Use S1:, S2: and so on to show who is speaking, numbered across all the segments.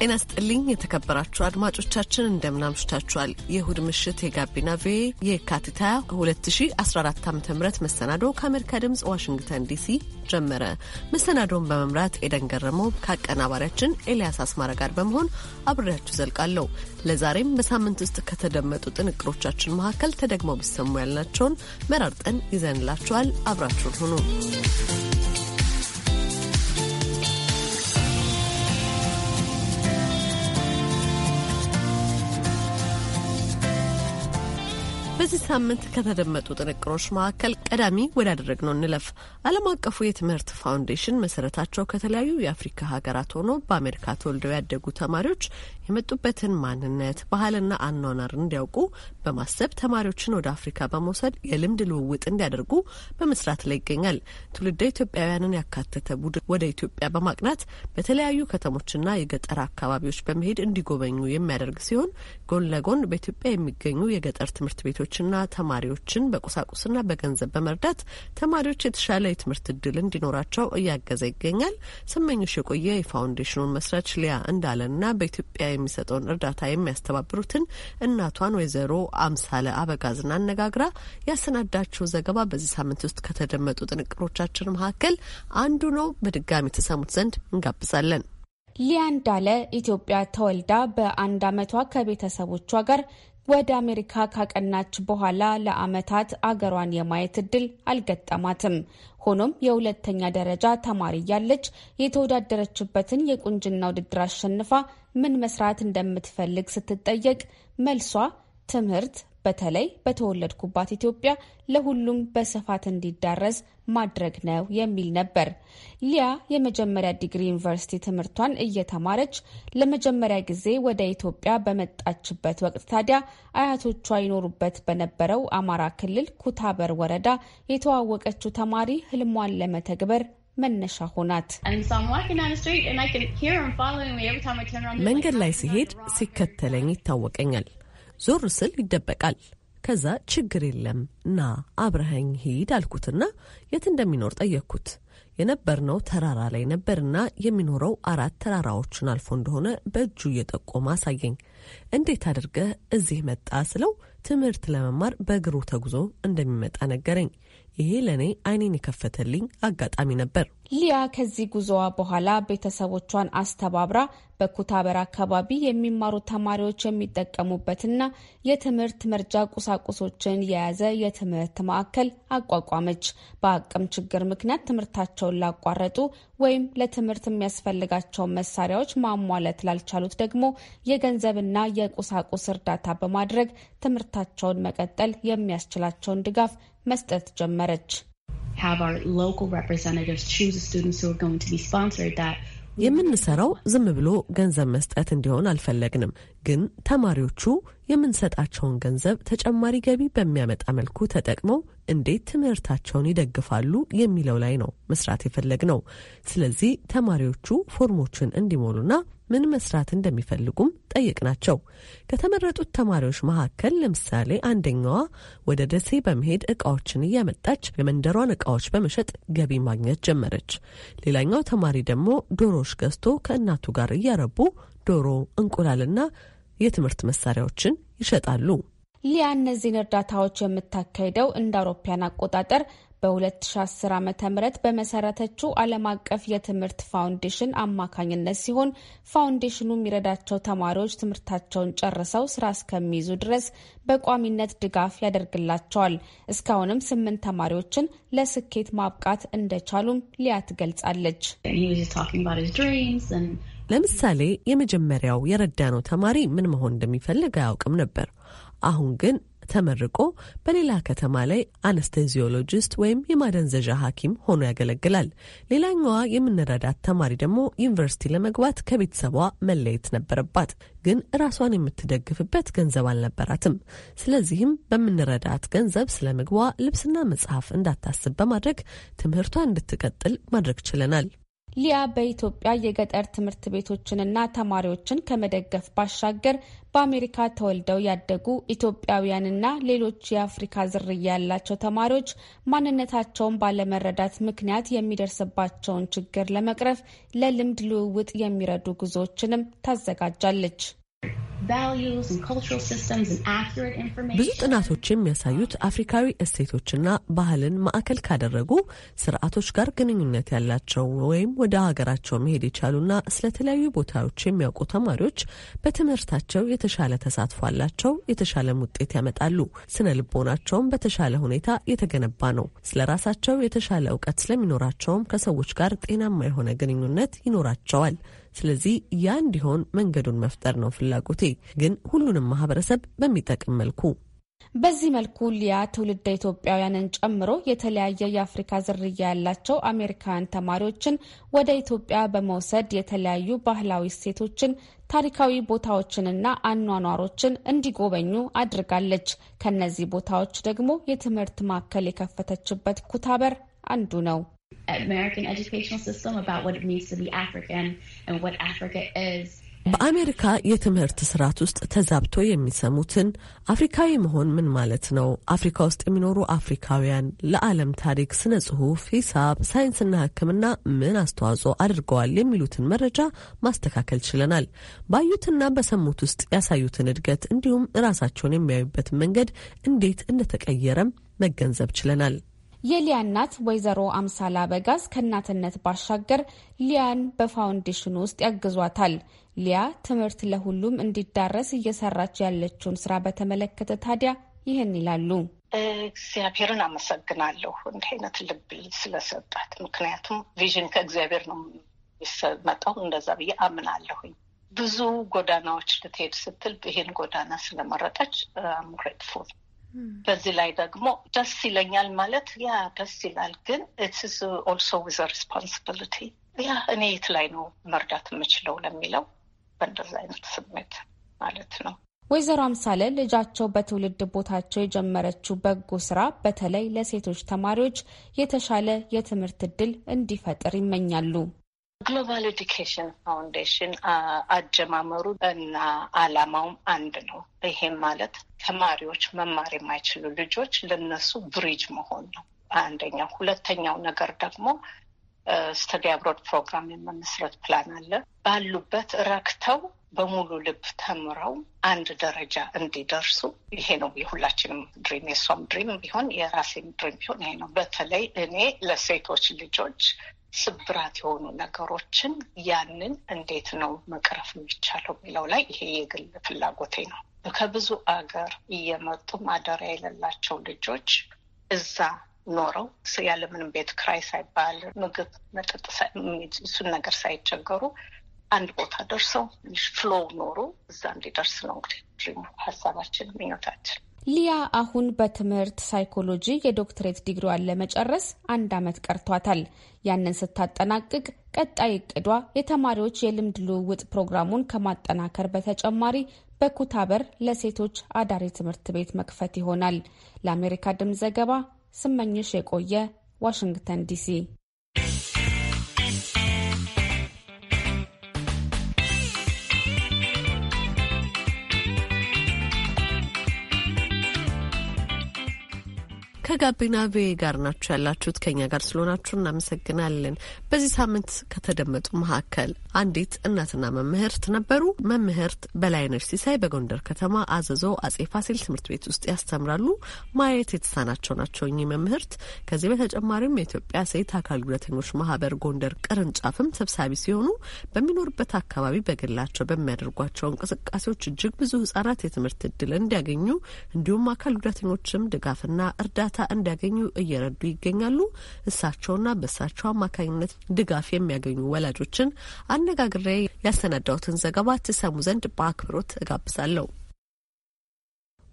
S1: ጤና ስጥልኝ የተከበራችሁ አድማጮቻችን እንደምናምሽታችኋል። የሁድ የእሁድ ምሽት የጋቢና ቪ የካቲት 2014 ዓ ም መሰናዶ ከአሜሪካ ድምፅ ዋሽንግተን ዲሲ ጀመረ። መሰናዶውን በመምራት ኤደን ገረመው ከአቀናባሪያችን ኤልያስ አስማረ ጋር በመሆን አብሬያችሁ ዘልቃለሁ። ለዛሬም በሳምንት ውስጥ ከተደመጡ ጥንቅሮቻችን መካከል ተደግመው ቢሰሙ ያልናቸውን መራርጠን ይዘንላችኋል። አብራችሁን ሁኑ። በዚህ ሳምንት ከተደመጡ ጥንቅሮች መካከል ቀዳሚ ወዳደረግነው እንለፍ። ዓለም አቀፉ የትምህርት ፋውንዴሽን መሰረታቸው ከተለያዩ የአፍሪካ ሀገራት ሆኖ በአሜሪካ ተወልደው ያደጉ ተማሪዎች የመጡበትን ማንነት ባህልና አኗኗር እንዲያውቁ በማሰብ ተማሪዎችን ወደ አፍሪካ በመውሰድ የልምድ ልውውጥ እንዲያደርጉ በመስራት ላይ ይገኛል። ትውልደ ኢትዮጵያውያንን ያካተተ ቡድን ወደ ኢትዮጵያ በማቅናት በተለያዩ ከተሞችና የገጠር አካባቢዎች በመሄድ እንዲጎበኙ የሚያደርግ ሲሆን ጎን ለጎን በኢትዮጵያ የሚገኙ የገጠር ትምህርት ቤቶች ወላጆችና ተማሪዎችን በቁሳቁስና በገንዘብ በመርዳት ተማሪዎች የተሻለ የትምህርት እድል እንዲኖራቸው እያገዘ ይገኛል። ስመኞሽ የቆየ የፋውንዴሽኑን መስራች ሊያ እንዳለና በኢትዮጵያ የሚሰጠውን እርዳታ የሚያስተባብሩትን እናቷን ወይዘሮ አምሳለ አበጋዝን አነጋግራ ያሰናዳችው ዘገባ በዚህ ሳምንት ውስጥ ከተደመጡ ጥንቅሮቻችን መካከል አንዱ ነው። በድጋሚ ተሰሙት ዘንድ እንጋብዛለን።
S2: ሊያ እንዳለ ኢትዮጵያ ተወልዳ በአንድ ዓመቷ ከቤተሰቦቿ ጋር ወደ አሜሪካ ካቀናች በኋላ ለአመታት አገሯን የማየት እድል አልገጠማትም። ሆኖም የሁለተኛ ደረጃ ተማሪ እያለች የተወዳደረችበትን የቁንጅና ውድድር አሸንፋ ምን መስራት እንደምትፈልግ ስትጠየቅ መልሷ ትምህርት በተለይ በተወለድኩባት ኢትዮጵያ ለሁሉም በስፋት እንዲዳረስ ማድረግ ነው የሚል ነበር። ሊያ የመጀመሪያ ዲግሪ ዩኒቨርሲቲ ትምህርቷን እየተማረች ለመጀመሪያ ጊዜ ወደ ኢትዮጵያ በመጣችበት ወቅት ታዲያ አያቶቿ ይኖሩበት በነበረው አማራ ክልል ኩታበር ወረዳ የተዋወቀችው ተማሪ ህልሟን ለመተግበር መነሻ ሆናት። መንገድ ላይ ሲሄድ
S1: ሲከተለኝ ይታወቀኛል። ዞር ስል ይደበቃል። ከዛ ችግር የለም ና አብረኸኝ ሂድ አልኩትና የት እንደሚኖር ጠየቅኩት። የነበርነው ተራራ ላይ ነበርና የሚኖረው አራት ተራራዎችን አልፎ እንደሆነ በእጁ እየጠቆመ አሳየኝ። እንዴት አድርገህ እዚህ መጣ ስለው ትምህርት ለመማር በእግሩ ተጉዞ እንደሚመጣ ነገረኝ። ይሄ ለእኔ አይኔን የከፈተልኝ አጋጣሚ ነበር።
S2: ሊያ ከዚህ ጉዞዋ በኋላ ቤተሰቦቿን አስተባብራ በኩታበር አካባቢ የሚማሩ ተማሪዎች የሚጠቀሙበትና የትምህርት መርጃ ቁሳቁሶችን የያዘ የትምህርት ማዕከል አቋቋመች። በአቅም ችግር ምክንያት ትምህርታቸውን ላቋረጡ ወይም ለትምህርት የሚያስፈልጋቸውን መሳሪያዎች ማሟለት ላልቻሉት ደግሞ የገንዘብና የቁሳቁስ እርዳታ በማድረግ ትምህርታቸውን መቀጠል የሚያስችላቸውን ድጋፍ መስጠት ጀመረች። have our local representatives choose the students who are going to be sponsored that
S1: የምንሰራው ዝም ብሎ ገንዘብ መስጠት እንዲሆን አልፈለግንም፣ ግን ተማሪዎቹ የምንሰጣቸውን ገንዘብ ተጨማሪ ገቢ በሚያመጣ መልኩ ተጠቅመው እንዴት ትምህርታቸውን ይደግፋሉ የሚለው ላይ ነው መስራት የፈለግ ነው። ስለዚህ ተማሪዎቹ ፎርሞችን እንዲሞሉና ምን መስራት እንደሚፈልጉም ጠየቅናቸው። ከተመረጡት ተማሪዎች መካከል ለምሳሌ አንደኛዋ ወደ ደሴ በመሄድ እቃዎችን እያመጣች የመንደሯን እቃዎች በመሸጥ ገቢ ማግኘት ጀመረች። ሌላኛው ተማሪ ደግሞ ዶሮዎች ገዝቶ ከእናቱ ጋር እያረቡ ዶሮ፣ እንቁላልና የትምህርት መሳሪያዎችን ይሸጣሉ።
S2: ሊያ እነዚህን እርዳታዎች የምታካሂደው እንደ አውሮፓያን አቆጣጠር በ2010 ዓ ም በመሰረተችው ዓለም አቀፍ የትምህርት ፋውንዴሽን አማካኝነት ሲሆን ፋውንዴሽኑ የሚረዳቸው ተማሪዎች ትምህርታቸውን ጨርሰው ስራ እስከሚይዙ ድረስ በቋሚነት ድጋፍ ያደርግላቸዋል። እስካሁንም ስምንት ተማሪዎችን ለስኬት ማብቃት እንደቻሉም ሊያ ትገልጻለች።
S1: ለምሳሌ የመጀመሪያው የረዳነው ተማሪ ምን መሆን እንደሚፈልግ አያውቅም ነበር። አሁን ግን ተመርቆ በሌላ ከተማ ላይ አነስቴዚዮሎጂስት ወይም የማደንዘዣ ሐኪም ሆኖ ያገለግላል። ሌላኛዋ የምንረዳት ተማሪ ደግሞ ዩኒቨርሲቲ ለመግባት ከቤተሰቧ መለየት ነበረባት፣ ግን ራሷን የምትደግፍበት ገንዘብ አልነበራትም። ስለዚህም በምንረዳት ገንዘብ ስለ ምግቧ፣ ልብስና መጽሐፍ እንዳታስብ በማድረግ ትምህርቷ እንድትቀጥል ማድረግ ችለናል።
S2: ሊያ በኢትዮጵያ የገጠር ትምህርት ቤቶችንና ተማሪዎችን ከመደገፍ ባሻገር በአሜሪካ ተወልደው ያደጉ ኢትዮጵያውያንና ሌሎች የአፍሪካ ዝርያ ያላቸው ተማሪዎች ማንነታቸውን ባለመረዳት ምክንያት የሚደርስባቸውን ችግር ለመቅረፍ ለልምድ ልውውጥ የሚረዱ ጉዞዎችንም ታዘጋጃለች።
S1: ብዙ ጥናቶች የሚያሳዩት አፍሪካዊ እሴቶችና ባህልን ማዕከል ካደረጉ ስርዓቶች ጋር ግንኙነት ያላቸው ወይም ወደ ሀገራቸው መሄድ የቻሉና ስለተለያዩ ቦታዎች የሚያውቁ ተማሪዎች በትምህርታቸው የተሻለ ተሳትፎ አላቸው፣ የተሻለም ውጤት ያመጣሉ። ስነ ልቦናቸውም በተሻለ ሁኔታ የተገነባ ነው። ስለ ራሳቸው የተሻለ እውቀት ስለሚኖራቸውም ከሰዎች ጋር ጤናማ የሆነ ግንኙነት ይኖራቸዋል። ስለዚህ ያ እንዲሆን መንገዱን መፍጠር ነው ፍላጎቴ፣ ግን ሁሉንም ማህበረሰብ በሚጠቅም መልኩ
S2: በዚህ መልኩ ሊያ ትውልደ ኢትዮጵያውያንን ጨምሮ የተለያየ የአፍሪካ ዝርያ ያላቸው አሜሪካውያን ተማሪዎችን ወደ ኢትዮጵያ በመውሰድ የተለያዩ ባህላዊ እሴቶችን ታሪካዊ ቦታዎችንና አኗኗሮችን እንዲጎበኙ አድርጋለች። ከነዚህ ቦታዎች ደግሞ የትምህርት ማዕከል የከፈተችበት ኩታበር አንዱ ነው። American educational system about what it means to be African and what Africa is.
S1: በአሜሪካ የትምህርት ስርዓት ውስጥ ተዛብቶ የሚሰሙትን አፍሪካዊ መሆን ምን ማለት ነው፣ አፍሪካ ውስጥ የሚኖሩ አፍሪካውያን ለዓለም ታሪክ፣ ስነ ጽሁፍ፣ ሂሳብ፣ ሳይንስና ሕክምና ምን አስተዋጽኦ አድርገዋል የሚሉትን መረጃ ማስተካከል ችለናል። ባዩትና በሰሙት ውስጥ ያሳዩትን እድገት እንዲሁም ራሳቸውን የሚያዩበት መንገድ እንዴት እንደተቀየረም መገንዘብ ችለናል።
S2: የሊያ እናት ወይዘሮ አምሳላ በጋዝ ከእናትነት ባሻገር ሊያን በፋውንዴሽኑ ውስጥ ያግዟታል። ሊያ ትምህርት ለሁሉም እንዲዳረስ እየሰራች ያለችውን ስራ በተመለከተ ታዲያ ይህን ይላሉ።
S3: እግዚአብሔርን አመሰግናለሁ እንዲህ አይነት ልብ ስለሰጣት። ምክንያቱም ቪዥን ከእግዚአብሔር ነው የሚሰመጠው፣ እንደዛ ብዬ አምናለሁኝ። ብዙ ጎዳናዎች ልትሄድ ስትል ይህን ጎዳና ስለመረጠች አም ግሬትፉል Hmm. በዚህ ላይ ደግሞ ደስ ይለኛል ማለት ያ ደስ ይላል፣ ግን ኢትስ ኦልሶ ዊዝ ሬስፖንሲቢሊቲ ያ እኔ የት ላይ ነው መርዳት የምችለው ለሚለው በእንደዚ አይነት ስሜት
S2: ማለት ነው። ወይዘሮ አምሳለ ልጃቸው በትውልድ ቦታቸው የጀመረችው በጎ ስራ በተለይ ለሴቶች ተማሪዎች የተሻለ የትምህርት እድል እንዲፈጥር ይመኛሉ።
S3: ግሎባል ኤዱኬሽን ፋውንዴሽን አጀማመሩ እና አላማውም አንድ ነው። ይሄም ማለት ተማሪዎች መማር የማይችሉ ልጆች ለነሱ ብሪጅ መሆን ነው አንደኛው። ሁለተኛው ነገር ደግሞ ስተዲ አብሮድ ፕሮግራም የመመስረት ፕላን አለ። ባሉበት ረክተው በሙሉ ልብ ተምረው አንድ ደረጃ እንዲደርሱ ይሄ ነው የሁላችንም ድሪም፣ የእሷም ድሪም ቢሆን የራሴም ድሪም ቢሆን ይሄ ነው። በተለይ እኔ ለሴቶች ልጆች ስብራት የሆኑ ነገሮችን ያንን እንዴት ነው መቅረፍ የሚቻለው የሚለው ላይ ይሄ የግል ፍላጎቴ ነው። ከብዙ አገር እየመጡ ማደሪያ የሌላቸው ልጆች እዛ ኖረው ያለምንም ቤት ክራይ ሳይባል ምግብ፣ መጠጥ እሱን ነገር ሳይቸገሩ አንድ ቦታ ደርሰው ፍሎው ኖሩ እዛ እንዲደርስ ነው እንግዲህ ሀሳባችን ምኞታችን።
S2: ሊያ አሁን በትምህርት ሳይኮሎጂ የዶክትሬት ዲግሪዋን ለመጨረስ አንድ ዓመት ቀርቷታል። ያንን ስታጠናቅቅ ቀጣይ እቅዷ የተማሪዎች የልምድ ልውውጥ ፕሮግራሙን ከማጠናከር በተጨማሪ በኩታበር ለሴቶች አዳሪ ትምህርት ቤት መክፈት ይሆናል። ለአሜሪካ ድምፅ ዘገባ ስመኝሽ የቆየ ዋሽንግተን ዲሲ
S1: ከጋቢና ቪኦኤ ጋር ናችሁ ያላችሁት። ከኛ ጋር ስለሆናችሁ እናመሰግናለን። በዚህ ሳምንት ከተደመጡ መካከል አንዲት እናትና መምህርት ነበሩ። መምህርት በላይነሽ ሲሳይ በጎንደር ከተማ አዘዞ አጼ ፋሲል ትምህርት ቤት ውስጥ ያስተምራሉ። ማየት የተሳናቸው ናቸው እኚህ መምህርት። ከዚህ በተጨማሪም የኢትዮጵያ ሴት አካል ጉዳተኞች ማህበር ጎንደር ቅርንጫፍም ሰብሳቢ ሲሆኑ በሚኖርበት አካባቢ በግላቸው በሚያደርጓቸው እንቅስቃሴዎች እጅግ ብዙ ህጻናት የትምህርት እድል እንዲያገኙ እንዲሁም አካል ጉዳተኞችም ድጋፍና እርዳታ እርዳታ እንዲያገኙ እየረዱ ይገኛሉ። እሳቸውና በእሳቸው አማካኝነት ድጋፍ የሚያገኙ ወላጆችን አነጋግሬ ያሰናዳሁትን ዘገባ ትሰሙ ዘንድ በአክብሮት እጋብዛለሁ።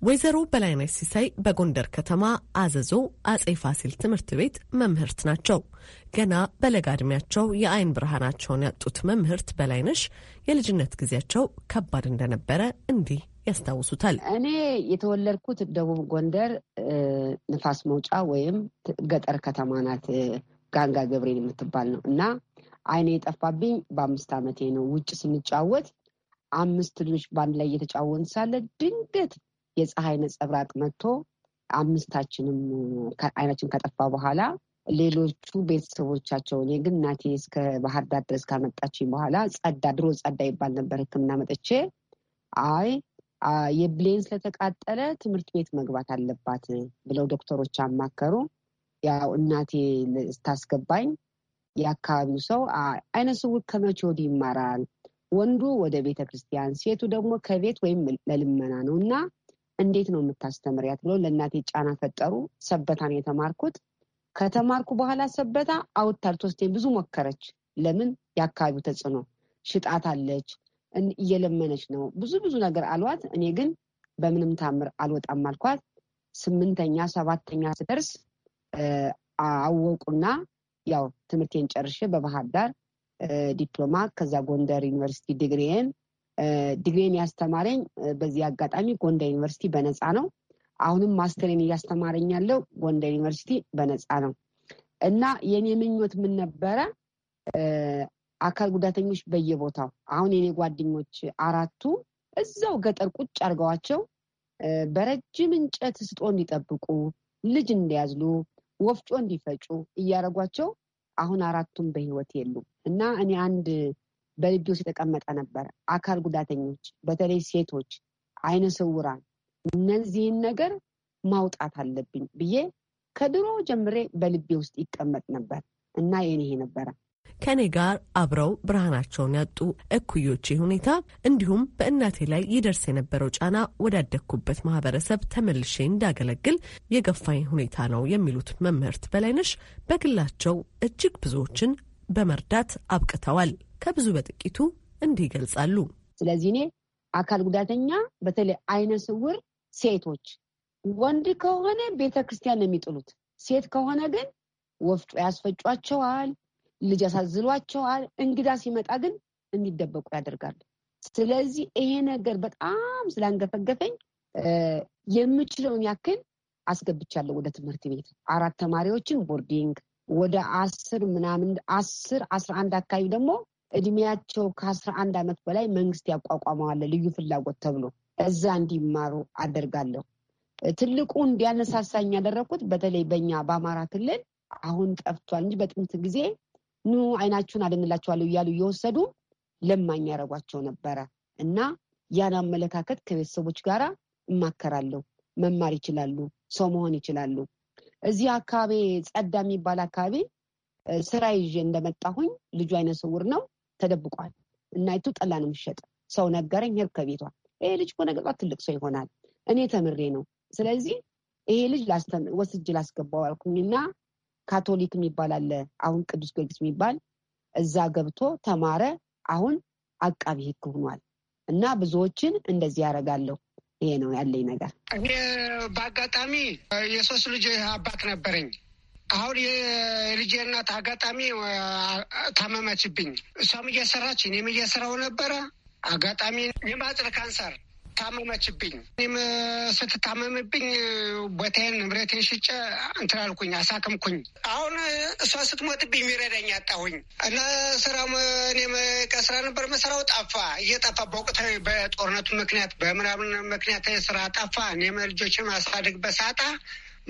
S1: ወይዘሮ በላይነሽ ሲሳይ በጎንደር ከተማ አዘዞ አጼ ፋሲል ትምህርት ቤት መምህርት ናቸው። ገና በለጋ ዕድሜያቸው የአይን ብርሃናቸውን ያጡት መምህርት በላይነሽ የልጅነት ጊዜያቸው ከባድ እንደነበረ
S4: እንዲህ ያስታውሱታል። እኔ የተወለድኩት ደቡብ ጎንደር ንፋስ መውጫ ወይም ገጠር ከተማ ናት፣ ጋንጋ ገብሬን የምትባል ነው እና አይኔ የጠፋብኝ በአምስት ዓመቴ ነው። ውጭ ስንጫወት አምስት ልጆች በአንድ ላይ እየተጫወን ሳለ ድንገት የፀሐይ ነጸብራቅ መጥቶ አምስታችንም አይናችን ከጠፋ በኋላ ሌሎቹ ቤተሰቦቻቸው እኔ ግን እናቴ እስከ ባህር ዳር ድረስ ካመጣችኝ በኋላ ጸዳ ድሮ ጸዳ ይባል ነበር ሕክምና መጥቼ አይ የብሌን ስለተቃጠለ ትምህርት ቤት መግባት አለባት ብለው ዶክተሮች አማከሩ። ያው እናቴ ስታስገባኝ የአካባቢው ሰው አይነ ስውር ከመቼ ወዲህ ይማራል? ወንዱ ወደ ቤተ ክርስቲያን፣ ሴቱ ደግሞ ከቤት ወይም ለልመና ነው እና እንዴት ነው የምታስተምሪያት ብለው ለእናቴ ጫና ፈጠሩ። ሰበታን የተማርኩት ከተማርኩ በኋላ ሰበታ አውታር ቶስቴን ብዙ ሞከረች። ለምን የአካባቢው ተጽዕኖ ሽጣት አለች፣ እየለመነች ነው ብዙ ብዙ ነገር አሏት። እኔ ግን በምንም ታምር አልወጣም አልኳት። ስምንተኛ ሰባተኛ ስደርስ አወቁና ያው ትምህርቴን ጨርሼ በባህር ዳር ዲፕሎማ ከዛ ጎንደር ዩኒቨርሲቲ ዲግሪዬን ዲግሬን ያስተማረኝ በዚህ አጋጣሚ ጎንደር ዩኒቨርሲቲ በነፃ ነው። አሁንም ማስተሬን እያስተማረኝ ያለው ጎንደር ዩኒቨርሲቲ በነፃ ነው እና የኔ ምኞት ምን ነበረ? አካል ጉዳተኞች በየቦታው አሁን የኔ ጓደኞች አራቱ እዛው ገጠር ቁጭ አድርገዋቸው በረጅም እንጨት ስጦ እንዲጠብቁ፣ ልጅ እንዲያዝሉ፣ ወፍጮ እንዲፈጩ እያደረጓቸው አሁን አራቱም በህይወት የሉም እና እኔ አንድ በልቤ ውስጥ የተቀመጠ ነበር። አካል ጉዳተኞች፣ በተለይ ሴቶች፣ አይነ ስውራን እነዚህን ነገር ማውጣት አለብኝ ብዬ ከድሮ ጀምሬ በልቤ ውስጥ ይቀመጥ ነበር እና የኔ ነበረ።
S1: ከእኔ ጋር አብረው ብርሃናቸውን ያጡ እኩዮቼ ሁኔታ እንዲሁም በእናቴ ላይ ይደርስ የነበረው ጫና ወዳደግኩበት ማህበረሰብ ተመልሼ እንዳገለግል የገፋኝ ሁኔታ ነው የሚሉት መምህርት በላይነሽ በግላቸው እጅግ ብዙዎችን በመርዳት አብቅተዋል። ከብዙ በጥቂቱ እንዲህ ይገልጻሉ።
S4: ስለዚህ እኔ አካል ጉዳተኛ በተለይ አይነ ስውር ሴቶች ወንድ ከሆነ ቤተ ክርስቲያን ነው የሚጥሉት። ሴት ከሆነ ግን ወፍጮ ያስፈጯቸዋል፣ ልጅ ያሳዝሏቸዋል። እንግዳ ሲመጣ ግን እንዲደበቁ ያደርጋሉ። ስለዚህ ይሄ ነገር በጣም ስላንገፈገፈኝ የምችለውን ያክል አስገብቻለሁ ወደ ትምህርት ቤት አራት ተማሪዎችን ቦርዲንግ ወደ አስር ምናምን አስር አስራ አንድ አካባቢ ደግሞ እድሜያቸው ከአስራ አንድ ዓመት በላይ መንግስት ያቋቋመዋል ልዩ ፍላጎት ተብሎ እዛ እንዲማሩ አደርጋለሁ። ትልቁ እንዲያነሳሳኝ ያደረኩት በተለይ በኛ በአማራ ክልል አሁን ጠፍቷል እንጂ በጥንት ጊዜ ኑ አይናችሁን አደንላቸዋለሁ እያሉ እየወሰዱ ለማኝ ያደረጓቸው ነበረ እና ያን አመለካከት ከቤተሰቦች ጋር እማከራለሁ። መማር ይችላሉ፣ ሰው መሆን ይችላሉ። እዚህ አካባቢ ጸዳ የሚባል አካባቢ ስራ ይዤ እንደመጣሁኝ ልጁ አይነ ስውር ነው። ተደብቋል። እናይቱ ጠላ ነው የምትሸጥ ሰው ነገረኝ። ሄድኩ ከቤቷ ይሄ ልጅ እኮ ነገ ጧት ትልቅ ሰው ይሆናል። እኔ ተምሬ ነው። ስለዚህ ይሄ ልጅ ወስጅ ላስገባው እና ካቶሊክ የሚባል አለ አሁን ቅዱስ ጊዮርጊስ የሚባል እዛ ገብቶ ተማረ። አሁን አቃቢ ህግ ሆኗል እና ብዙዎችን እንደዚህ ያደርጋለሁ። ይሄ ነው ያለኝ ነገር።
S5: እኔ በአጋጣሚ የሶስት ልጅ አባት ነበረኝ አሁን የልጄ እናት አጋጣሚ ታመመችብኝ። እሷም እየሰራች እኔም እየሰራው ነበረ። አጋጣሚ የማጽር ካንሰር ታመመችብኝ። እኔም ስትታመምብኝ ቦታዬን ንብረቴን ሽጨ እንትን አልኩኝ፣ አሳክምኩኝ። አሁን እሷ ስትሞትብኝ የሚረዳኝ አጣሁኝ እና ስራ እኔም ከስራ ነበር መስራው ጠፋ፣ እየጠፋ በወቅታዊ በጦርነቱ ምክንያት በምናምን ምክንያት ስራ ጠፋ። እኔም ልጆችን ማሳደግበት ሳጣ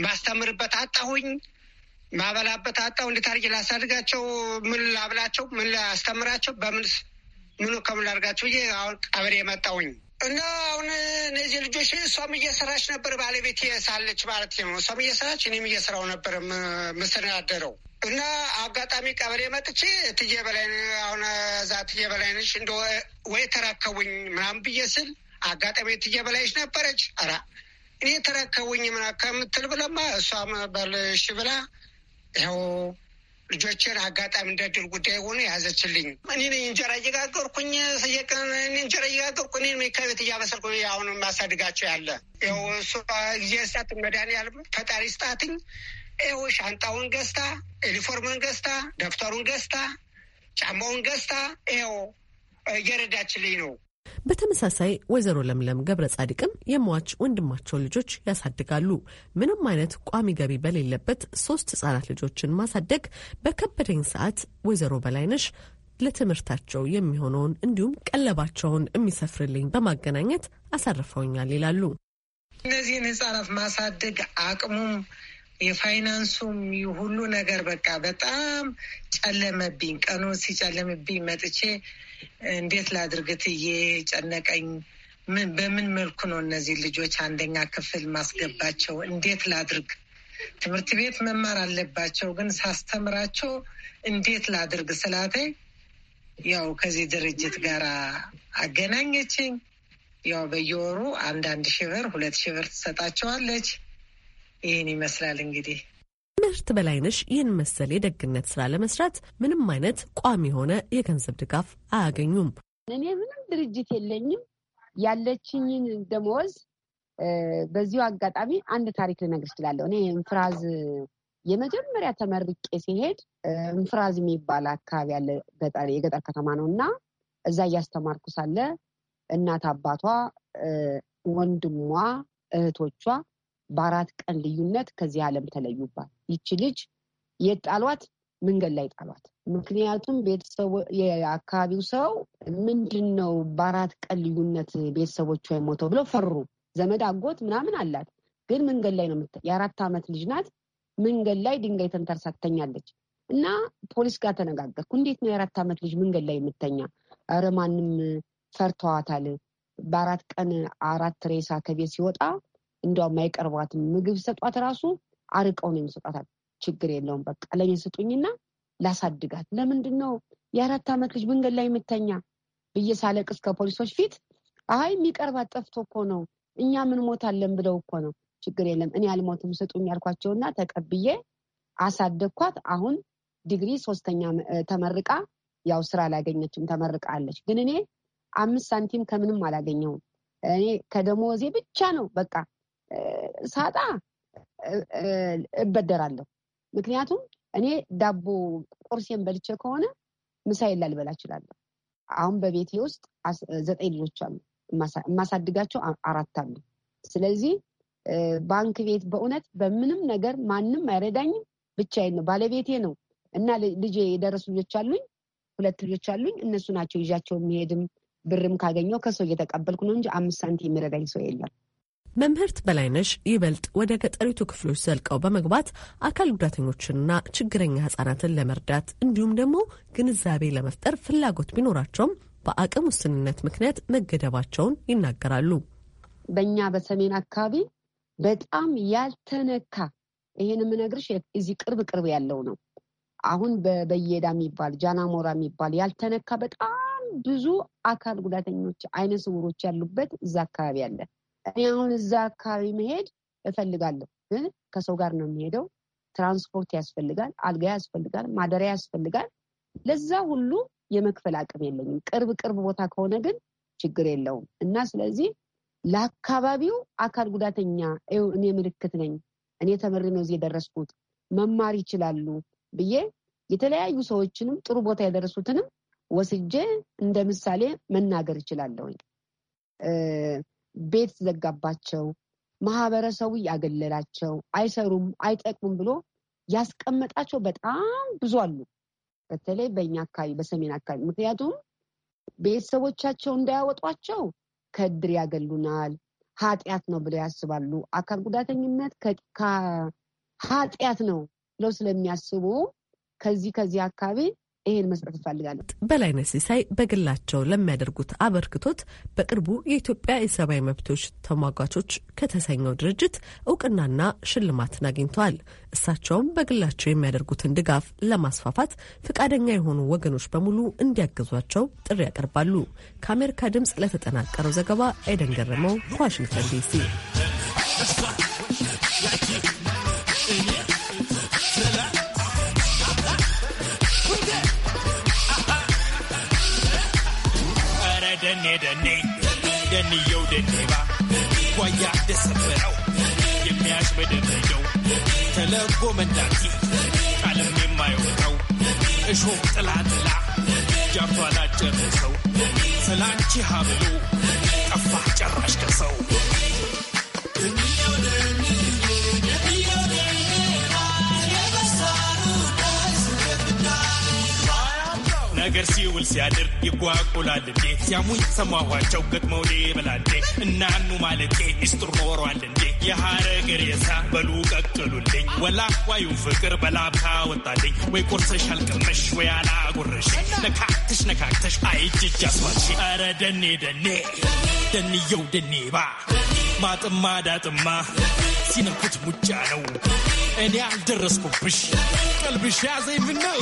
S5: ማስተምርበት አጣሁኝ። ማበላበት አጣው። እንዴት አድርጌ ላሳድጋቸው? ምን ላብላቸው? ምን ላስተምራቸው? በምን ምኑ ከምን ላድርጋቸው? ይ አሁን ቀበሌ የመጣውኝ እና አሁን እነዚህ ልጆች እሷም እየሰራች ነበር፣ ባለቤት ሳለች ማለት ነው። እሷም እየሰራች እኔም እየሰራው ነበር ምስር ያደረው እና አጋጣሚ ቀበሌ መጥቼ እትዬ በላይ አሁን እዛ እትዬ በላይነች እንደ ወይ ተረከቡኝ ምናምን ብዬ ስል አጋጣሚ እትዬ በላይች ነበረች። ኧረ እኔ ተረከቡኝ ምና ከምትል ብለማ እሷም በልሽ ብላ ያው ልጆችን አጋጣሚ እንደ ድል ጉዳይ ሆኖ ያዘችልኝ። እኔ እንጀራ እየጋገርኩኝ ስየቅን እንጀራ እየጋገርኩ እኔ ከቤት እያበሰልኩ አሁን ማሳድጋቸው ያለ ያው እሱ ጊዜ ስጣት መድኃኒዓለም ፈጣሪ ስጣትኝ። ይኸው ሻንጣውን ገዝታ፣ ዩኒፎርምን ገዝታ፣ ደብተሩን ገዝታ፣ ጫማውን ገዝታ ይኸው እየረዳችልኝ ነው።
S1: በተመሳሳይ ወይዘሮ ለምለም ገብረ ጻድቅም የሟች ወንድማቸውን ልጆች ያሳድጋሉ። ምንም አይነት ቋሚ ገቢ በሌለበት ሶስት ህጻናት ልጆችን ማሳደግ በከበደኝ ሰዓት ወይዘሮ በላይነሽ ለትምህርታቸው የሚሆነውን እንዲሁም ቀለባቸውን የሚሰፍርልኝ በማገናኘት አሳርፈውኛል ይላሉ።
S5: እነዚህን ህጻናት ማሳደግ አቅሙም የፋይናንሱም ሁሉ ነገር በቃ በጣም ጨለመብኝ። ቀኑ ሲጨለምብኝ መጥቼ እንዴት ላድርግ ትዬ ጨነቀኝ። በምን መልኩ ነው እነዚህ ልጆች አንደኛ ክፍል ማስገባቸው? እንዴት ላድርግ? ትምህርት ቤት መማር አለባቸው፣ ግን ሳስተምራቸው እንዴት ላድርግ ስላተ ያው ከዚህ ድርጅት ጋር አገናኘችኝ። ያው በየወሩ አንዳንድ ሺህ ብር ሁለት ሺህ ብር ትሰጣቸዋለች። ይህን ይመስላል
S1: እንግዲህ ክብርት በላይነሽ ይህን መሰል የደግነት ስራ ለመስራት ምንም አይነት ቋሚ የሆነ የገንዘብ ድጋፍ አያገኙም።
S4: እኔ ምንም ድርጅት የለኝም። ያለችኝን ደሞዝ በዚሁ አጋጣሚ አንድ ታሪክ ልነግር እችላለሁ። እኔ እንፍራዝ የመጀመሪያ ተመርቄ ሲሄድ እንፍራዝ የሚባል አካባቢ ያለ የገጠር ከተማ ነው እና እዛ እያስተማርኩ ሳለ እናት አባቷ፣ ወንድሟ፣ እህቶቿ በአራት ቀን ልዩነት ከዚህ ዓለም ተለዩባት። ይቺ ልጅ የት ጣሏት? መንገድ ላይ ጣሏት። ምክንያቱም ቤተሰቡ የአካባቢው ሰው ምንድን ነው በአራት ቀን ልዩነት ወይ ሞተው ብለው ፈሩ። ዘመድ አጎት ምናምን አላት፣ ግን መንገድ ላይ ነው። የአራት ዓመት ልጅ ናት። መንገድ ላይ ድንጋይ ተንተርሳ ትተኛለች። እና ፖሊስ ጋር ተነጋገርኩ። እንዴት ነው የአራት ዓመት ልጅ መንገድ ላይ የምተኛ? ኧረ ማንም ፈርተዋታል። በአራት ቀን አራት ሬሳ ከቤት ሲወጣ እንዲያውም አይቀርቧትም። ምግብ ሰጧት ራሱ አርቀው ነው የሚሰጧት። ችግር የለውም በቃ ለኔ ስጡኝና ላሳድጋት። ለምንድን ነው የአራት ዓመት ልጅ መንገድ ላይ የምተኛ ብዬ ሳለቅስ ከፖሊሶች ፊት አይ የሚቀርባት ጠፍቶ እኮ ነው እኛ ምን ሞታለን ብለው እኮ ነው። ችግር የለም እኔ አልሞትም ስጡኝ ያልኳቸውና ተቀብዬ አሳደግኳት። አሁን ዲግሪ ሶስተኛ ተመርቃ ያው ስራ አላገኘችም፣ ተመርቃለች። ግን እኔ አምስት ሳንቲም ከምንም አላገኘውም እኔ ከደሞዜ ብቻ ነው በቃ ሳጣ እበደራለሁ። ምክንያቱም እኔ ዳቦ ቁርሴን በልቼ ከሆነ ምሳዬን ላልበላ እችላለሁ። አሁን በቤቴ ውስጥ ዘጠኝ ልጆች አሉ፣ የማሳድጋቸው አራት አሉ። ስለዚህ ባንክ ቤት በእውነት በምንም ነገር ማንም አይረዳኝም፣ ብቻዬን ነው ባለቤቴ ነው እና ልጄ የደረሱ ልጆች አሉኝ፣ ሁለት ልጆች አሉኝ። እነሱ ናቸው ይዣቸው የሚሄድም ብርም ካገኘው ከሰው እየተቀበልኩ ነው እንጂ አምስት ሳንቲም የሚረዳኝ ሰው የለም።
S1: መምህርት በላይነሽ ይበልጥ ወደ ገጠሪቱ ክፍሎች ዘልቀው በመግባት አካል ጉዳተኞችንና ችግረኛ ህጻናትን ለመርዳት እንዲሁም ደግሞ ግንዛቤ ለመፍጠር ፍላጎት ቢኖራቸውም በአቅም ውስንነት ምክንያት መገደባቸውን ይናገራሉ።
S4: በእኛ በሰሜን አካባቢ በጣም ያልተነካ ይሄን የምነግርሽ እዚህ ቅርብ ቅርብ ያለው ነው። አሁን በየዳ የሚባል ጃናሞራ የሚባል ያልተነካ በጣም ብዙ አካል ጉዳተኞች አይነ ስውሮች ያሉበት እዛ አካባቢ አለ። እኔ አሁን እዛ አካባቢ መሄድ እፈልጋለሁ፣ ግን ከሰው ጋር ነው የሚሄደው። ትራንስፖርት ያስፈልጋል፣ አልጋ ያስፈልጋል፣ ማደሪያ ያስፈልጋል። ለዛ ሁሉ የመክፈል አቅም የለኝም። ቅርብ ቅርብ ቦታ ከሆነ ግን ችግር የለውም እና ስለዚህ ለአካባቢው አካል ጉዳተኛ እኔ ምልክት ነኝ፣ እኔ ተምሬ ነው እዚህ የደረስኩት፣ መማር ይችላሉ ብዬ የተለያዩ ሰዎችንም ጥሩ ቦታ የደረሱትንም ወስጄ እንደ ምሳሌ መናገር እችላለሁኝ። ቤት ዘጋባቸው፣ ማህበረሰቡ ያገለላቸው፣ አይሰሩም፣ አይጠቅሙም ብሎ ያስቀመጣቸው በጣም ብዙ አሉ። በተለይ በእኛ አካባቢ በሰሜን አካባቢ ምክንያቱም ቤተሰቦቻቸው እንዳያወጧቸው ከእድር ያገሉናል፣ ኃጢአት ነው ብለው ያስባሉ። አካል ጉዳተኝነት ኃጢአት ነው ብለው ስለሚያስቡ ከዚህ ከዚህ አካባቢ ይሄን መስረት እፈልጋለሁ።
S1: በላይነህ ሲሳይ በግላቸው ለሚያደርጉት አበርክቶት በቅርቡ የኢትዮጵያ የሰብአዊ መብቶች ተሟጋቾች ከተሰኘው ድርጅት እውቅናና ሽልማትን አግኝተዋል። እሳቸውም በግላቸው የሚያደርጉትን ድጋፍ ለማስፋፋት ፈቃደኛ የሆኑ ወገኖች በሙሉ እንዲያግዟቸው ጥሪ ያቀርባሉ። ከአሜሪካ ድምፅ ለተጠናቀረው ዘገባ ኤደን ገረመው ከዋሽንግተን ዲሲ።
S6: danne danne danne yau da ne ba kwaya da safarau ya miyashi da mai yau talar goma dati kalamin mai wutau isho tsala-tsala jafa na jar sau salanci hablo kafa jar ashe sau ነገር ሲውል ሲያድር ይጓቁላል ሲያሙኝ ሰማኋቸው ገጥመው በላንዴ እናኑ ማለቴ ሚስጥር ኖሯል እንዴ የሀረገር የሳ በሉ ቀቅሉልኝ ወላ ፍቅር በላብታ ወጣልኝ ወይ ቁርሰሽ አልቀመሽ ወይ አላጎረሽ ነካክተሽ ነካክተሽ አይጅጅ አስዋልሽ ኧረ ደኔ ደኔ ደንየው ደኔ ባ ማጥማ ዳጥማ ሲነኩት ሙጫ ነው እኔ አልደረስኩብሽ ቀልብሽ ያዘኝ ምነው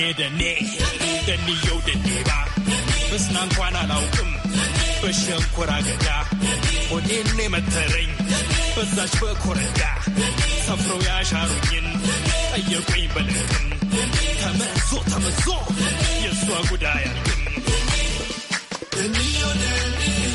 S6: ne da ne da ni yau da ne ba bisnan kwana laukun bashin kura gada kone ne matarai bazash ba kurada safro ya sharuyin ayyar kwai balakin kamar zo tamar zo ya zuwa guda yarkin da ni yau da ne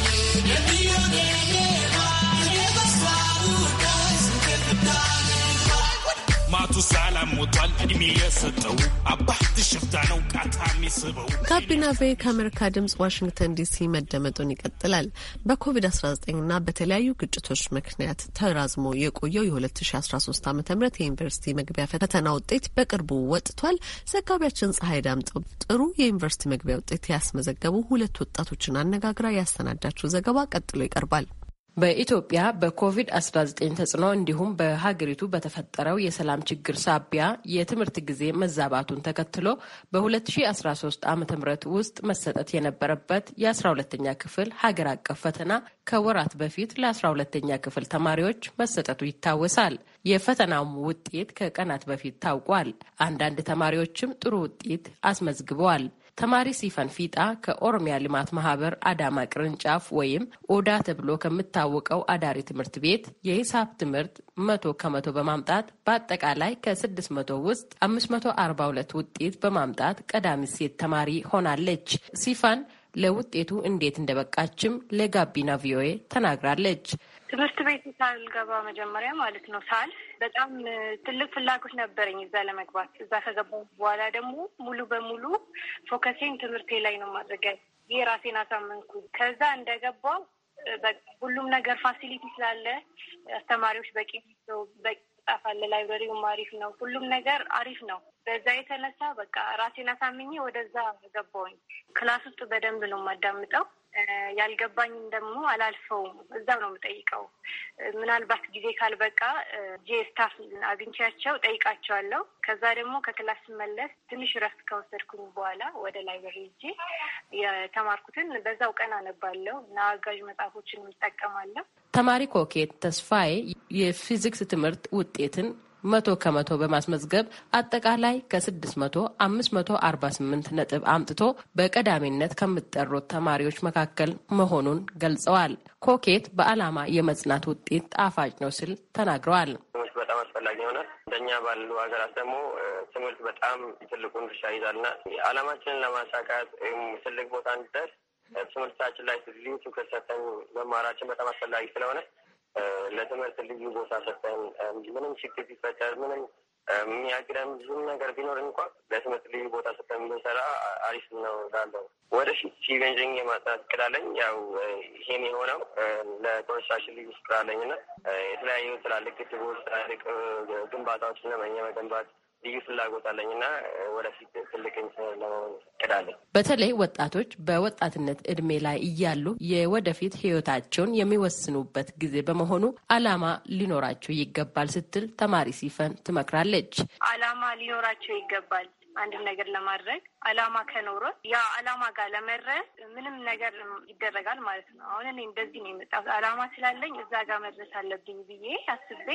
S6: ማቱ ሰላም ሞቷል እድሜ የሰጠው አባት ሽፍታ ነው ቃታ የሚስበው።
S1: ጋቢና ቬ ከአሜሪካ ድምጽ ዋሽንግተን ዲሲ መደመጡን ይቀጥላል። በኮቪድ-19ና በተለያዩ ግጭቶች ምክንያት ተራዝሞ የቆየው የ2013 ዓ ም የዩኒቨርሲቲ መግቢያ ፈተና ውጤት በቅርቡ ወጥቷል። ዘጋቢያችን ፀሐይ ዳምጠው ጥሩ የዩኒቨርሲቲ መግቢያ ውጤት ያስመዘገቡ ሁለት ወጣቶችን አነጋግራ ያሰናዳችው ዘገባ ቀጥሎ ይቀርባል።
S7: በኢትዮጵያ በኮቪድ-19 ተጽዕኖ እንዲሁም በሀገሪቱ በተፈጠረው የሰላም ችግር ሳቢያ የትምህርት ጊዜ መዛባቱን ተከትሎ በ2013 ዓ.ም ውስጥ መሰጠት የነበረበት የ 12 ተኛ ክፍል ሀገር አቀፍ ፈተና ከወራት በፊት ለ 12 ተኛ ክፍል ተማሪዎች መሰጠቱ ይታወሳል። የፈተናውም ውጤት ከቀናት በፊት ታውቋል። አንዳንድ ተማሪዎችም ጥሩ ውጤት አስመዝግበዋል። ተማሪ ሲፈን ፊጣ ከኦሮሚያ ልማት ማህበር አዳማ ቅርንጫፍ ወይም ኦዳ ተብሎ ከምታወቀው አዳሪ ትምህርት ቤት የሂሳብ ትምህርት መቶ ከመቶ በማምጣት በአጠቃላይ ከ 6 ውስጥ 542 ውጤት በማምጣት ቀዳሚ ሴት ተማሪ ሆናለች። ሲፋን ለውጤቱ እንዴት እንደበቃችም ለጋቢና ቪኦኤ ተናግራለች።
S8: ትምህርት ቤት ሳልገባ መጀመሪያ ማለት ነው ሳል በጣም ትልቅ ፍላጎት ነበረኝ እዛ ለመግባት። እዛ ከገባሁ በኋላ ደግሞ ሙሉ በሙሉ ፎከሴን ትምህርቴ ላይ ነው ይ ራሴን አሳመንኩ። ከዛ እንደገባው ሁሉም ነገር ፋሲሊቲ ስላለ አስተማሪዎች በቂ ሰው በቂ ጻፋለ፣ ላይብረሪውም አሪፍ ነው፣ ሁሉም ነገር አሪፍ ነው። በዛ የተነሳ በቃ ራሴን አሳምኜ ወደዛ ገባውኝ ክላስ ውስጥ በደንብ ነው የማዳምጠው ያልገባኝም ደግሞ አላልፈውም። እዛው ነው የምጠይቀው። ምናልባት ጊዜ ካልበቃ ጄ ስታፍ አግኝቻቸው ጠይቃቸዋለሁ። ከዛ ደግሞ ከክላስ ስመለስ ትንሽ ረፍት ከወሰድኩኝ በኋላ ወደ ላይብረሪ ሄጄ የተማርኩትን በዛው ቀን አነባለሁ እና አጋዥ መጽሐፎችን እጠቀማለሁ።
S7: ተማሪ ኮኬት ተስፋዬ የፊዚክስ ትምህርት ውጤትን መቶ ከመቶ በማስመዝገብ አጠቃላይ ከ 548 ነጥብ አምጥቶ በቀዳሚነት ከምጠሩት ተማሪዎች መካከል መሆኑን ገልጸዋል። ኮኬት በዓላማ የመጽናት ውጤት ጣፋጭ ነው ሲል ተናግረዋል። ትምህርት
S9: በጣም አስፈላጊ ይሆናል። እንደኛ ባሉ ሀገራት ደግሞ ትምህርት በጣም ትልቁን ድርሻ ይዛልና ዓላማችንን ለማሳካት ትልቅ ቦታ እንድደርስ ትምህርታችን ላይ ልዩ ትኩረት ሰጥተን መማራችን በጣም አስፈላጊ ስለሆነ ለትምህርት ልዩ ቦታ ሰጠን። ምንም ችግር ቢፈጠር ምንም የሚያግረን ብዙም ነገር ቢኖር እንኳን ለትምህርት ልዩ ቦታ ሰጠን ብንሰራ አሪፍ ነው እላለሁ። ወደፊት ሲቪል ኢንጂነሪንግ የማጥናት እቅድ አለኝ። ያው ይሄን የሆነው ለኮንስትራክሽን ልዩ ፍቅር አለኝ እና የተለያዩ ትላልቅ ግድቦች፣ ትላልቅ ግንባታዎችን ለመገንባት ልዩ ፍላጎት አለኝ ወደፊት ትልቅ ለመሆን
S7: በተለይ ወጣቶች በወጣትነት እድሜ ላይ እያሉ የወደፊት ህይወታቸውን የሚወስኑበት ጊዜ በመሆኑ አላማ ሊኖራቸው ይገባል ስትል ተማሪ ሲፈን ትመክራለች።
S8: አላማ ሊኖራቸው ይገባል። አንድን ነገር ለማድረግ አላማ ከኖሮት ያ አላማ ጋር ለመድረስ ምንም ነገር ይደረጋል ማለት ነው። አሁን እኔ እንደዚህ ነው የመጣሁት አላማ ስላለኝ እዛ ጋር መድረስ አለብኝ ብዬ አስቤ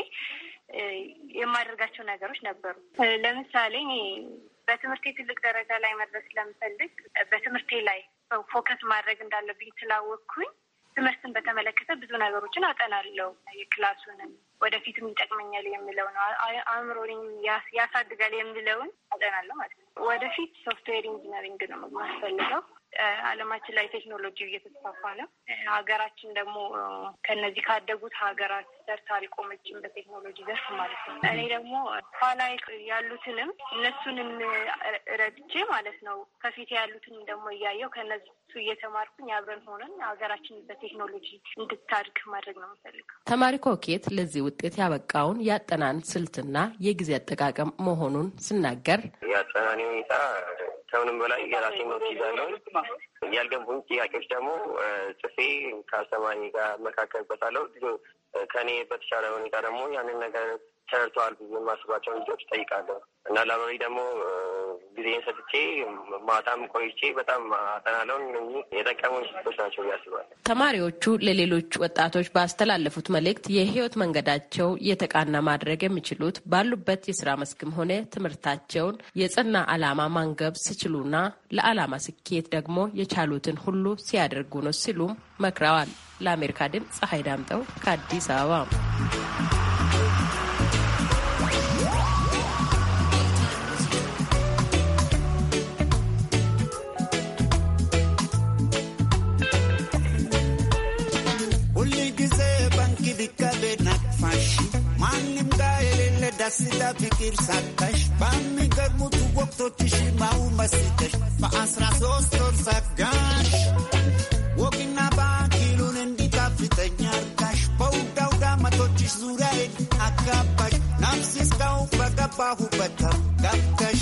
S8: የማደርጋቸው ነገሮች ነበሩ። ለምሳሌ በትምህርቴ ትልቅ ደረጃ ላይ መድረስ ስለምፈልግ በትምህርቴ ላይ ፎከስ ማድረግ እንዳለብኝ ስላወቅኩኝ ትምህርትን በተመለከተ ብዙ ነገሮችን አጠናለው። የክላሱንም ወደፊትም ይጠቅመኛል የምለው ነው። አእምሮን ያሳድጋል የምለውን አጠናለው ማለት ነው። ወደፊት ሶፍትዌር ኢንጂነሪንግ ነው የማስፈልገው። አለማችን ላይ ቴክኖሎጂ እየተስፋፋ ነው። ሀገራችን ደግሞ ከነዚህ ካደጉት ሀገራት ዘርፍ አልቆመችም፣ በቴክኖሎጂ ዘርፍ ማለት ነው። እኔ ደግሞ ኋላ ያሉትንም እነሱንም ረድቼ ማለት ነው ከፊት ያሉትን ደግሞ እያየው ከነዚህ እየተማርኩኝ አብረን ሆነን ሀገራችን በቴክኖሎጂ እንድታድግ ማድረግ
S7: ነው የምፈልገው። ተማሪ ኮኬት ለዚህ ውጤት ያበቃውን የአጠናን ስልትና የጊዜ አጠቃቀም መሆኑን ስናገር
S9: የአጠናን ሁኔታ ከምንም በላይ የራሴ ኖት ይዛለሁ። ያልገቡኝ ጥያቄዎች ደግሞ ጽፌ ከአስተማሪ ጋር መካከልበታለሁ። ከእኔ በተሻለ ሁኔታ ደግሞ ያንን ነገር ሰርተዋል ብዬ የማስባቸውን ልጆች ጠይቃለሁ እና ለመሪ ደግሞ ጊዜን ሰጥቼ ማታም ቆይቼ በጣም አጠናለውን የጠቀሙን ስቶች ናቸው ያስባል።
S7: ተማሪዎቹ ለሌሎች ወጣቶች ባስተላለፉት መልእክት የህይወት መንገዳቸው የተቃና ማድረግ የሚችሉት ባሉበት የስራ መስክም ሆነ ትምህርታቸውን የጽና አላማ ማንገብ ሲችሉና ለአላማ ስኬት ደግሞ የቻሉትን ሁሉ ሲያደርጉ ነው ሲሉም መክረዋል። ለአሜሪካ ድምፅ ፀሐይ ዳምጠው ከአዲስ አበባ
S10: ደስታ ፍቅር ሳታሽ በሚገርሙት ወቅቶችሽ ማው መስጠሽ በአስራ ሶስት ወር ሰጋሽ ወግና ባኪሉን እንዲጣፍጠኝ አርጋሽ በውድ አውዳመቶችሽ ዙሪያ አጋባሽ ነፍሴ እስካሁን በገባሁበት ገብተሽ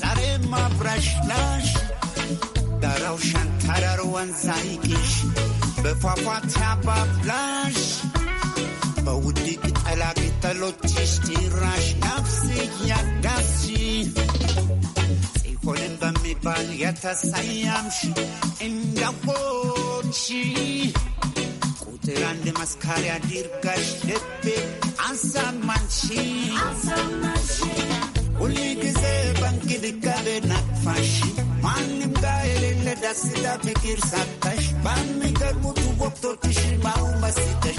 S10: ዛሬ ማብራሽ ናሽ ዳራው ሸንተረር ወንዝ አይቅሽ በፏፏቴ አባብላሽ በውድቅ ጠላቅጠሎችሽ ጭራሽ ነፍስ እያዳስሽ ጽዮንን በሚባል የተሰየምሽ እንደሆንሽ ቁጥር አንድ መስካሪ አድርገሽ ልቤ አሳማንሽ ሁል ጊዜ በእንክብካቤ ነቅፋሽ ማንም ጋር የሌለ ደስታ ፍቅር ሰጥተሽ በሚገርሙት ወቅቶችሽ ማውመስጠሽ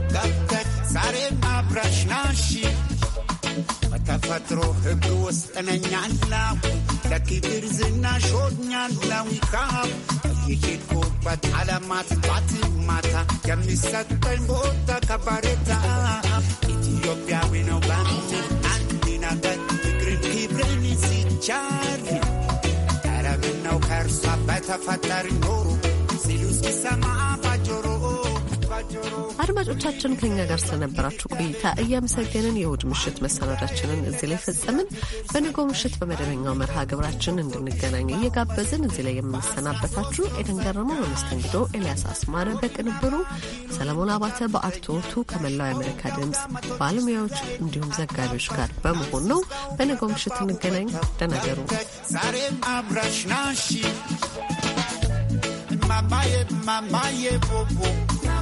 S10: ተፈጥሮ ሕግ ወስጠነኛላሁ ለክብር ዝናሽ ሆኛለሁ ካብ እየሄድኩበት ዓለማት ባት ማታ የሚሰጠኝ ቦታ ከበሬታ ኢትዮጵያዊ ነው በሚል አንድ ነገር ፍቅርን ክብርን ሲቻል ቀረብን ከእርሷ በተፈጠር ኖሩ ሲሉ ሲሰማ
S1: አድማጮቻችን ከኛ ጋር ስለነበራችሁ ቆይታ እያመሰገንን የእሁድ ምሽት መሰናዳችንን እዚህ ላይ ፈጸምን። በንጎ ምሽት በመደበኛው መርሃ ግብራችን እንድንገናኝ እየጋበዝን እዚህ ላይ የምንሰናበታችሁ ኤደን ገረመው በመስተንግዶ፣ ኤልያስ አስማረ በቅንብሩ፣ ሰለሞን አባተ በአርቶቱ ከመላው የአሜሪካ ድምፅ ባለሙያዎች እንዲሁም ዘጋቢዎች ጋር በመሆን ነው። በንጎ ምሽት እንገናኝ። ደናገሩ ዛሬም
S10: አብራሽ ቦቦ